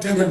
ደብል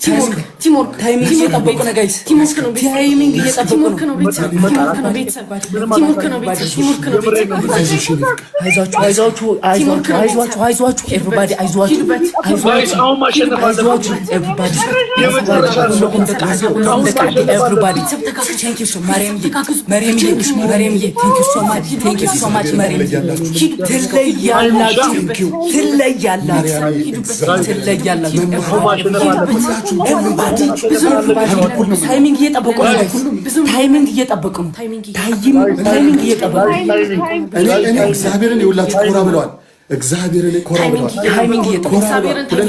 ትለያላችሁ ትለያላችሁ ታይሚንግ እየጠበቁ ነው። ታይሚንግ እየጠበቁ ነው። ታይሚንግ እየጠበቁ እግዚአብሔርን ኮራ ብለዋል። እግዚአብሔርን ኮራ ብለዋል።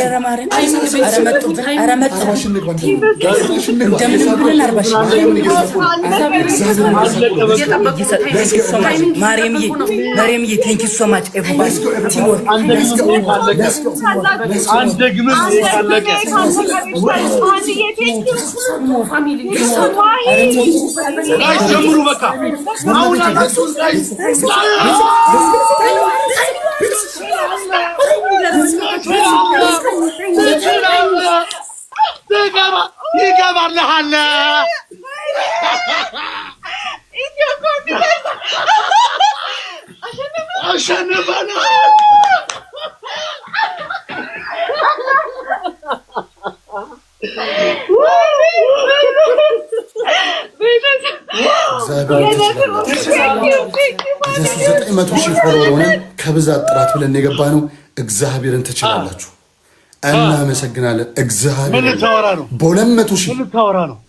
ጀምሩ በቃ አሁን ይገባልህ አለ አሸንፈናል። ዘጠኝ መቶ ሺህ ፎሎወር ሆነን ከብዛት ጥራት ብለን የገባ ነው። እግዚአብሔርን ትችላላችሁ። እናመሰግናለን። እግዚአብሔር በሁለት መቶ ሺህ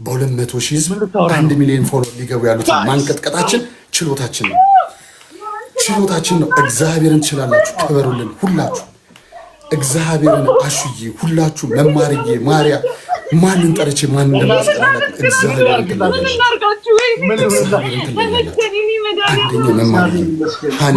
በሁለት መቶ ሺህ ህዝብ አንድ ሚሊዮን ፎሎ ሊገቡ ያሉት ማንቀጥቀጣችን ችሎታችን ነው ችሎታችን ነው። እግዚአብሔርን ትችላላችሁ። ክበሩልን ሁላችሁ እግዚአብሔርን አሹዬ ሁላችሁ መማርዬ ማርያ ማንን ጠርቼ ማንን እንደማስቀራላት እግዚአብሔርን ትለያላችሁ። አንደኛ መማርዬ ሀኒ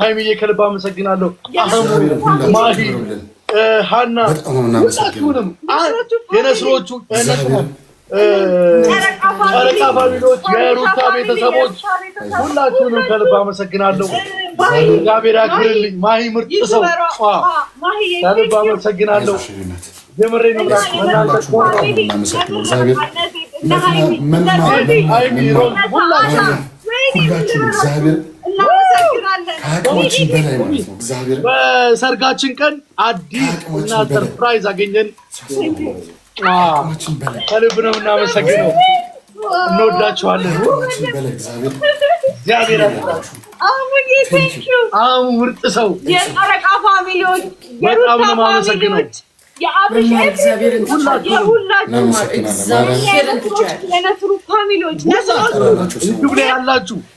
ሀይሚዬ ከልብ አመሰግናለሁ። ማሂ፣ ሀና ሁላችሁንም የነስሮቹ ጨረቃ ፋሚሊዎች፣ የሩታ ቤተሰቦች ሁላችሁንም ከልብ አመሰግናለሁ። እግዚአብሔር ያክብርልኝ። ማሂ ምርጥ ሰው፣ ከልብ አመሰግናለሁ። የምሬ ነው። ሁላችሁ እግዚአብሔር ከአቅማችን በላይ ማለት ነው። እግዚአብሔር በሰርጋችን ቀን አዲስ እና ሰርፕራይዝ አገኘን። ከአቅማችን በላይ ከልብ ነው እናመሰግነው። እንወዳችኋለን። ከአቅማችን በላይ እግዚአብሔር እግዚአብሔር ምርጥ ሰው የጨረቃ ፋሚሊዎች በጣም ነው ያላችሁ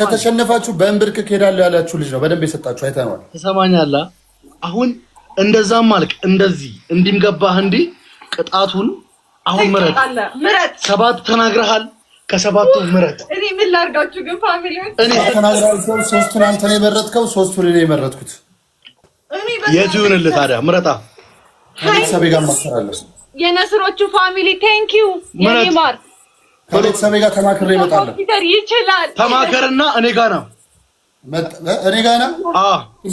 ከተሸነፋችሁ በእንብርክክ ሄዳለሁ ያላችሁ ልጅ ነው። በደንብ የሰጣችሁ አይተነዋል። ትሰማኛለህ? አሁን እንደዛም አልክ፣ እንደዚህ እንዲህም ገባህ። እንዲህ ቅጣቱን አሁን ምረጥ፣ ሰባት ተናግረሃል። ከሰባቱ ምረጥ። እኔ ምን ላድርጋችሁ ግን ፋሚሊዎች? እኔ ተናግራችሁ፣ ሶስቱን አንተ ነው የመረጥከው፣ ሶስቱን እኔ የመረጥኩት። የቱ ይሁንልህ ታዲያ? ምረጣ ሰቤ ጋር ማሰራለሁ። የነስሮቹ ፋሚሊ ቴንኪዩ የኔ ማር ከቤተሰቤ ጋር ተማክሬ እመጣለሁ። ተማከርና እኔ ጋር ነው እኔ ጋር ነው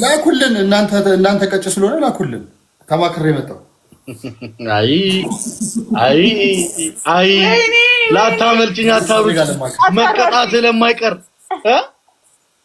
ላኩልን። እናንተ እናንተ ቀጭ ስለሆነ ላኩልን። ተማክሬ መጣሁ። አይ አይ አይ ላታመልጭኝ አታብጭ መቀጣት ስለማይቀር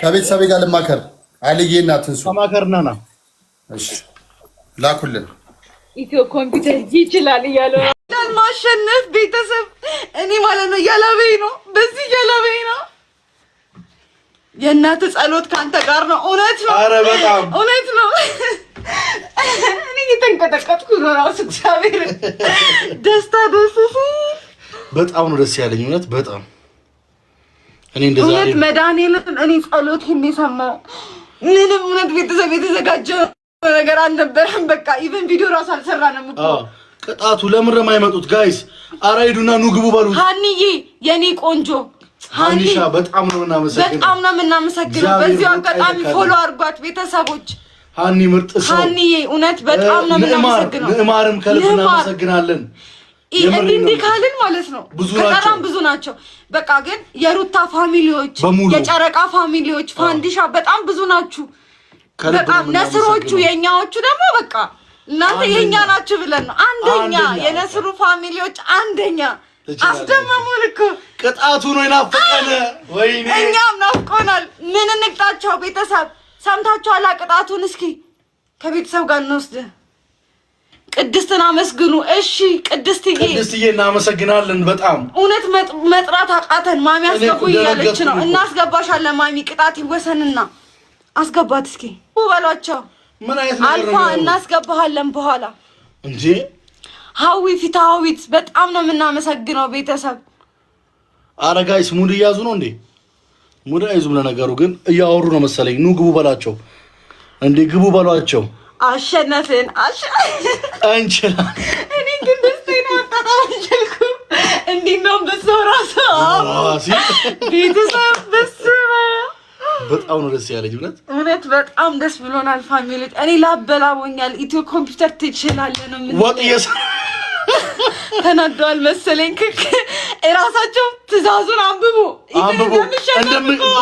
ከቤተሰቤ ጋር ልማከር አልዬ እና ትንሱ ማከርና ና ላኩልን። ኢትዮ ኮምፒውተር ይችላል እያለ ማሸነፍ ቤተሰብ እኔ ማለት ነው። ያላበይ ነው፣ በዚህ ያላበይ ነው። የእናት ጸሎት ከአንተ ጋር ነው። እውነት ነው፣ በጣም እውነት ነው። እኔ እየተንቀጠቀጥኩ ነው እራሱ እግዚአብሔር ደስታ ደስ በጣም ነው ደስ ያለኝ እውነት በጣም እውነት መድኃኒዓለም እኔ ጸሎት የሚሰማው ምንም እውነት ቤተሰብ የተዘጋጀ ነገር አልነበረም። በቃ ኢቨን ቪዲዮ ራሱ አልሰራ ነው ምት ቅጣቱ ለምን ለማይመጡት ጋይስ አራ ሂዱና ኑ ግቡ በሉ። ሀኒዬ የኔ ቆንጆ ሀኒሻ በጣም ነው የምናመሰግነው፣ በጣም ነው የምናመሰግነው። በዚሁ አጋጣሚ ፎሎ አድርጓት ቤተሰቦች። ሀኒ ምርጥ ሰው ሀኒዬ፣ እውነት በጣም ነው የምናመሰግነው። ንዕማርም ከልብ እናመሰግናለን። እንዲህ ካልን ማለት ነው በጣም ብዙ ናቸው። በቃ ግን የሩታ ፋሚሊዎች፣ የጨረቃ ፋሚሊዎች፣ ፋንዲሻ በጣም ብዙ ናችሁ። በጣም ነስሮቹ የእኛዎቹ ደግሞ በቃ እናንተ የእኛ ናችሁ ብለን ነው አንደኛ። የነስሩ ፋሚሊዎች አንደኛ አስደመሙን እኮ ቅጣቱ ነው ይናፍቀን፣ ወይኔ እኛም ናፍቆናል። ምን እንቅጣቸው? ቤተሰብ ሰምታችኋላ? ቅጣቱን እስኪ ከቤተሰብ ጋር እንወስድ ቅድስትን አመስግኑ። እሺ ቅድስትዬ፣ ቅድስትዬ እናመሰግናለን። በጣም እውነት መጥራት አቃተን። ማሚ አስገቡ እያለች ነው። እናስገባሻለን ማሚ፣ ቅጣት ይወሰንና አስገባት እስኪ በሏቸው። አልፋ እናስገባሃለን በኋላ እንጂ ሀዊ ፊታዊት፣ በጣም ነው የምናመሰግነው ቤተሰብ። አረጋይስ ሙድ እያዙ ነው እንዴ? ሙድ አይዙም። ለነገሩ ግን እያወሩ ነው መሰለኝ። ኑ ግቡ በላቸው እንዴ፣ ግቡ በሏቸው አሸነፍን እንችላለን። እኔ ግን ደስተኛ አጣጣም አልቻልኩም። ነው ብሶ ራሱ ቤተሰብ ብስ በጣም ነው ደስ ያለኝ። እውነት እውነት በጣም ደስ ብሎናል ፋሚሊ። እኔ ላበላቦኛል። ኢትዮ ኮምፒውተር ትችላለህ ነው ተናደዋል መሰለኝ። ክክ ራሳቸው ትዕዛዙን አንብቡ።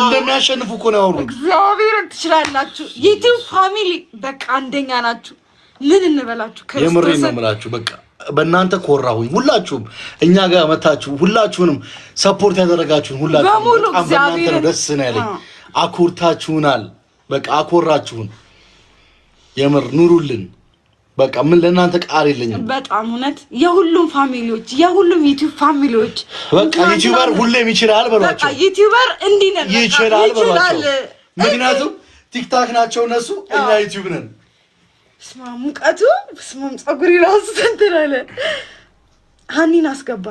እንደሚያሸንፉ እኮ ነው ያወሩት። እግዚአብሔር ትችላላችሁ። ዩቲዩብ ፋሚሊ በቃ አንደኛ ናችሁ። ምን እንበላችሁ? የምሬ ነው የምላችሁ። በቃ በእናንተ ኮራሁኝ። ሁላችሁም እኛ ጋር መታችሁ፣ ሁላችሁንም ሰፖርት ያደረጋችሁን ሁላችሁም በእናንተ ነው ደስ ነው ያለኝ። አኮርታችሁናል። በቃ አኮራችሁን። የምር ኑሩልን። በቃ ምን ለእናንተ ቃል የለኝም። በጣም እውነት የሁሉም ፋሚሊዎች የሁሉም ዩቲዩብ ፋሚሊዎች በቃ ዩቲዩበር ሁሌም ይችላል በሏቸው። በቃ ዩቲዩበር እንዲህ ነን ይችላል በሏቸው። ምክንያቱም ቲክታክ ናቸው እነሱ፣ እኛ ዩቲዩብ ነን። ስማ ሙቀቱ፣ ስማም ፀጉሪ ራሱ ተንትናለ ሀኒን አስገባል